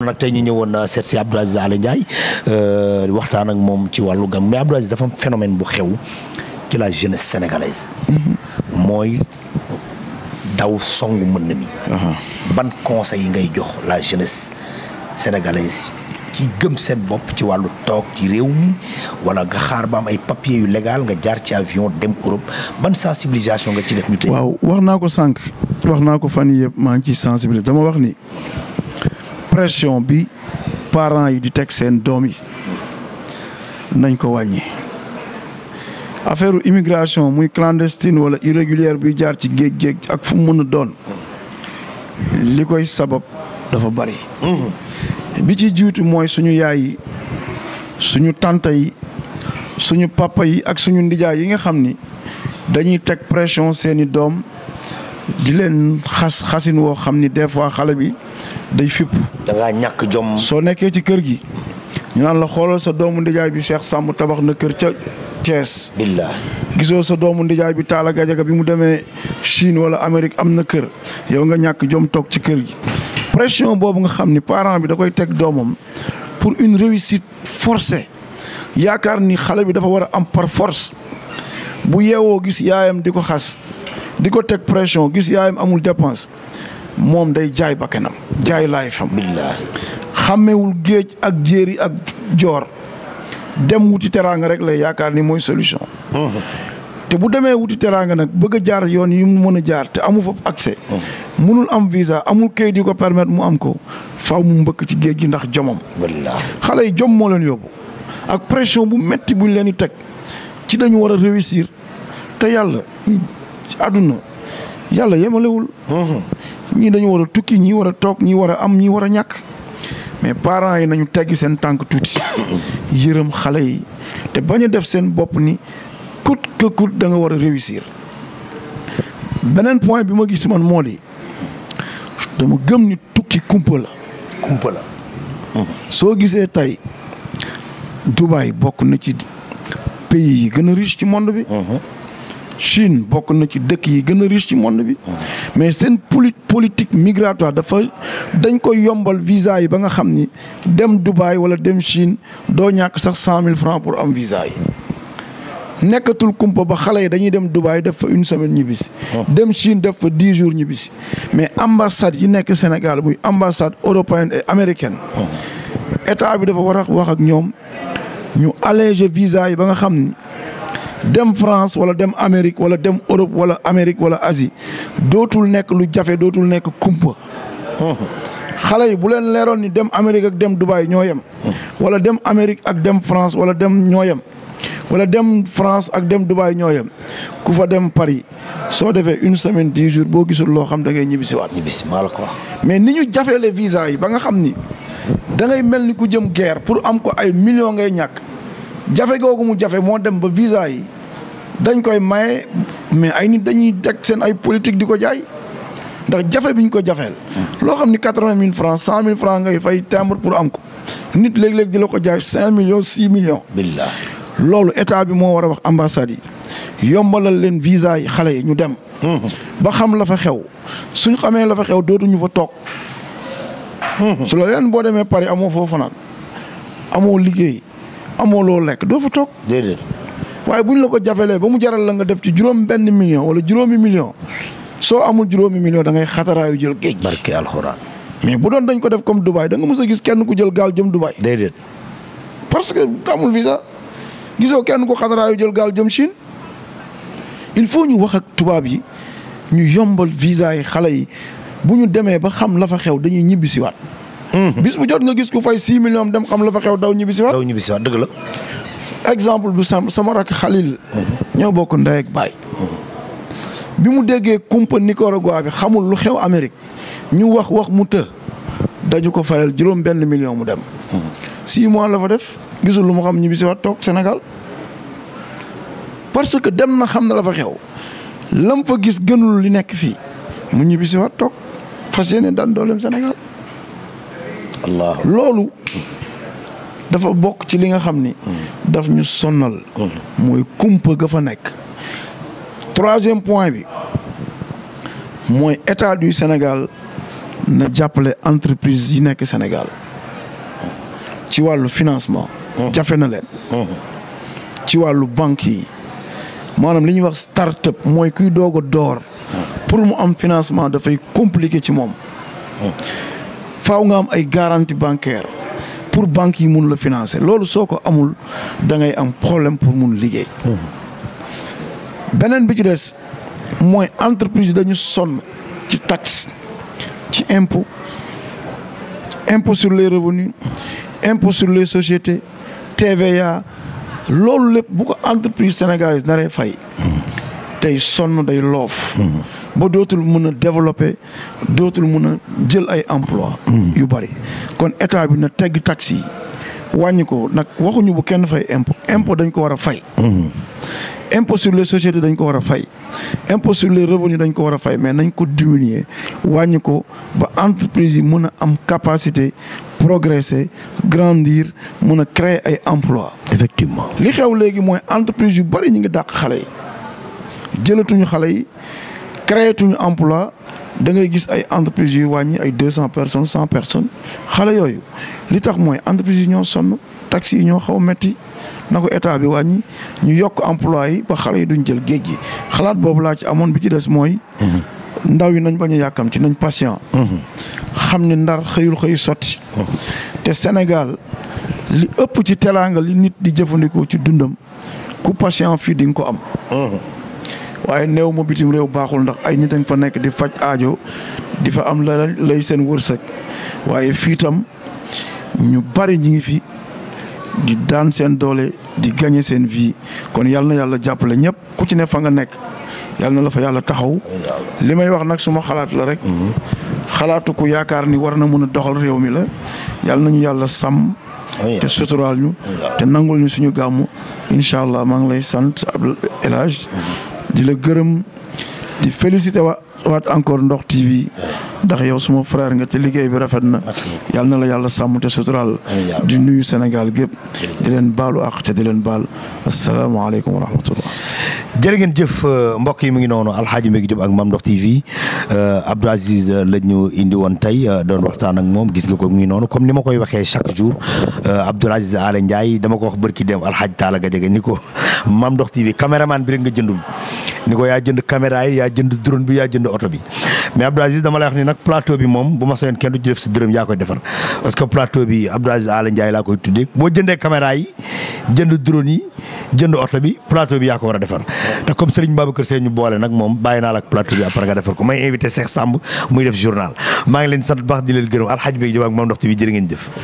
nag tey ñu ñëwoon euh, seet si Abdou Aziz Aly Ndiaye euh, waxtaan ak moom ci wàllu gam mais Abdou dafa am phénomène bu xew ci la jeunesse sénégalaise. Mm-hmm. mooy daw songu mën mi. Uh-huh. ban conseil ngay jox la jeunesse sénégalaise ci gëm seen bopp ci wàllu toog ci réew mi wala nga xaar ba am ay papiers yu légal nga jaar ci avion dem Europe ban sensibilisation nga ci def. ñu tey waaw wax naa ko sànq. wax naa ko fan yii yëpp maa ngi ciy sensibiliser dama wax ni. pression bi parent yi di teg seen doom yi nañ ko wàññi. affaire immigration muy clandestine wala irrégulière bi jaar ci géej géej ak fu mën a doon li koy sabab dafa bari. Mm-hmm. bi ci jiitu mooy suñu yaay yi suñu tante yi suñu papa yi ak suñu ndijaay yi nga xam ni dañuy teg pression seeni doom di leen xas xasin woo xam ni des fois xale bi. day fipp da ngaa ñàkk jom. soo nekkee ci kër gi ñu naan la xoolal sa doomu ndijaay bi Cheikh sàmm tabax na kër ca Thiès. billaahi gisoo sa doomu ndijaay bi Talla Gajaga bi mu demee Chine wala Amérique am na kër yow nga ñàkk jom toog ci kër gi. pression boobu nga xam ni parent bi da koy teg doomam pour une réussite forcé yaakaar ni xale bi dafa war a am par force bu yeewoo gis yaayam di ko xas di ko teg pression gis yaayam amul dépense. moom day jaay bakkanam jaay laay fam billaahi xàmmewul géej ak jéeri ak joor dem wuti teraanga rek lay yaakaar ni mooy solution uh-huh. te bu demee wuti teraanga nag bëgg a jaar yoon yi mu mën a jaar te amu fa accès uh-huh. mënul am visa amul kayit yu ko permettre mu am ko faaw mu mbëkk ci géej gi ndax jomam xale yi jom moo leen yóbbu ak pression bu metti buñ leen di teg ci dañu war a réussir te yàlla àdduna yàlla yemalewul uh-huh. ñii dañu war a tukki ñii war a toog ñii war a am ñii war a ñàkk mais parent yi nañu teggi seen tànk tuuti yërëm xale yi te bañ a def seen bopp ni coûte que coûte da nga war a réussir beneen point bi ma gis man moo di dama gëm ni tukki kumpa la la soo gisee tey Dubaï bokk na ci pays yi gën a riche ci monde bi uh-huh. Chine bokk na ci dëkk yi gën a riche ci monde bi mais seen poli politique migratoire dafa dañ koy yombal visa yi ba nga xam ni dem Dubaï wala dem Chine doo ñàkk sax cent mille francs pour am visa yi nekkatul kumpa ba xale yi dañuy dem Dubaï def fa une semaine ñibbisi oh. dem Chine def fa dix jours ñibbisi mais ambassade yi nekk Sénégal muy ambassade européenne et américaine oh. état bi dafa war a wax ak ñoom ñu alléger visa yi ba nga xam ni dem France wala dem Amérique wala dem Europe wala Amérique wala asi dootul nekk lu jafe dootul nekk kumpa. xale yi bu leen leeroon ni dem Amérique ak dem Dubaï ñoo yem. wala dem Amérique ak dem France wala dem ñoo yem. wala dem France ak dem Dubaï ñoo yem ku fa dem Paris soo defee une semaine dix jours boo gisul loo xam da ngay ñibbisiwaat. ñibbisi maa la ko mais ni ñu jafee les yi ba nga xam ni da ngay mel ni ku jëm guerre pour am ko ay millions ngay ñàkk. jafe googu mu jafe moo dem ba visa yi dañ koy maye mais ay nit dañuy teg seen ay politique di ko jaay ndax jafe bi ñu ko jafeel. loo xam ni quatre vingt mille francs cent mille francs ngay fay timbre pour am ko nit léeg-léeg di la ko jaay cinq millions six millions. billah loolu état bi moo war a wax ambassade yi yombalal leen visa yi xale yi ñu dem. ba xam la fa xew suñ xamee la fa xew dootuñu fa toog. su la leen boo demee Paris amoo foofu fanaan amoo liggéey. amoo loo lekk doo fa toog. déedéet. waaye bu ñu la ko jafelee ba mu jaral la nga def ci juróom benn million wala juróomi million soo amul juróomi million da ngay xataraayu jël géej. barke alxuraan. mais bu doon dañ ko def comme Dubaay da nga mës a gis kenn ko jël gaal jëm Dubaay. déedéet. parce que amul visa gisoo kenn ku xataraayu jël gaal jëm Chine il faut ñu wax ak tubaab yi ñu yombal visa yi xale yi bu ñu demee ba xam la fa xew dañuy ñibbisiwaat. Hmm. bis bu jot nga gis ku fay 6 millions dem xam la fa xew daw ñibbi si waat. daw ñibbi si waat dëgg sama rakk xalil. Hmm. ñoo bokk ndey ak hmm. mu déggee kumpa Nicaragua xamul lu xew Amérique ñu wax wax mu të. dañu ko fayal juróom million mu dem. 6 mois la fa def gisul lu mu xam ñibbi si waat toog senegal parce que dem na xam na la fa xew lam fa gis gënul li nekk fii mu ñibbi si waat toog fas yéene daan dooleem Sénégal. loolu dafa bokk ci li nga xam ni. daf ñu sonnal mooy kumpa ga fa nekk. troisième point bi mooy état du Sénégal na jàppale entreprise yi nekk Sénégal ci wàllu financement. jafe na leen. ci wàllu banque yi maanaam li ñuy wax start-up mooy kuy doog door. pour mu am financement dafay compliqué ci moom. faaw nga am ay garantie bancaire pour banque yi munu la financer loolu soo ko amul da ngay am problème pour mun liggéey. beneen bi ci des mooy entreprise dañu sonn ci taxe ci impôt impôt sur les revenus impôt sur les sociétés TVA loolu lépp bu ko entreprise sénégalaise naree fay. tey sonn day loof. ba dootul mun a développer dootul mun a jël ay emploi hmm. yu bari kon état bi na teg taxi yi wàññi ko nag waxuñu bu kenn fay impôt impôt dañ ko war a fay hmm. impôt sur dañ ko war a fay impôt sur dañ ko war a fay mais nañ ko diminuer wàññi ko ba entreprise yi mun a am capacité progresser grandir mun a créer ay emploi effectivement li xew léegi mooy entreprise yu bari ñu ngi dàq xale yi jëlatuñu xale yi créé tuñu emploi da ngay gis ay entreprises yuy wàññi ay deux cent personnes cent personnes xale yooyu li tax mooy entreprises yi ñoo sonn taxi yi ñoo xaw a métti na ko état bi wàññi ñu yokk emploi yi ba xale yi duñ jël géej gi xalaat boobu laa ci amoon bi ci des mooy. Mhm. ndaw yi nañ bañu yàkkamti yàkkam ci nañ patient. Mhm. xam ni ndar xëyul xëy sotti. Mhm. te Sénégal li ëpp ci teraanga li nit di jëfandikoo ci dundam ku patient fii di nga ko am. waaye néew ma bitim réew baaxul ndax ay nit a fa nekk di faj aajo di fa am la lay seen wërsëg waaye fii tam ñu bari ñi ngi fi di daan seen doole di gagner seen vie kon yàlla na yàlla jàppale ñépp ku ci ne fa nga nekk yàlla na la fa yàlla taxaw li may wax nag suma xalaat la rek mhm. xalaatu ku yaakaar ni war na mën a doxal réew mi la yàlla nañu yàlla sàmm te suturaal ñu te nangul ñu suñu gàmmu incha allah maa ngi lay sant ab El Hadj mhm. di la gërëm di félicité wa waat encore Ndokh TV ndax yow suma frère nga te liggéey bi rafet na yal na la yàlla sàmm te sutural di nuyu Sénégal gépp di leen baal àq te di leen baal asalaamaaleykum wa rahmatullah jër ngeen jëf euh, mbokk yi mu ngi noonu alxaaji Mbengue Diop ak Mame Ndokh TV euh, Abdou Aziz euh, la ñu indi woon tey doon waxtaan ak moom gis nga ko mu ngi noonu comme ni ma koy waxee chaque jour Abdou Aziz Alé Ndiaye dama ko wax bërki dem alxaaji Talla Gadiaga ni ko Mame Ndokh TV caméraman bi rek nga jëndul ni ko yaa jënd caméra yaa jënd drone bi yaa jënd oto bi mais Abdou Aziz dama lay wax ni nag plateau bi moom bu ma soyoon kenn du ci def si dërëm yaa koy defar parce que plateau bi Abdou Aziz Ala Ndiaye laa koy tuddee boo jëndee caméra yi jënd drone yi jënd oto bi plateau bi yaa ko war a defar te comme Serigne Babacar Seye ñu boole nag moom bàyyi naa la ak plateau bi après nga defar ko may invité Cheikh Samb muy def journal maa ngi leen sant baax di leen gërëm alxaj bi ak moom ndox ti ngeen jëf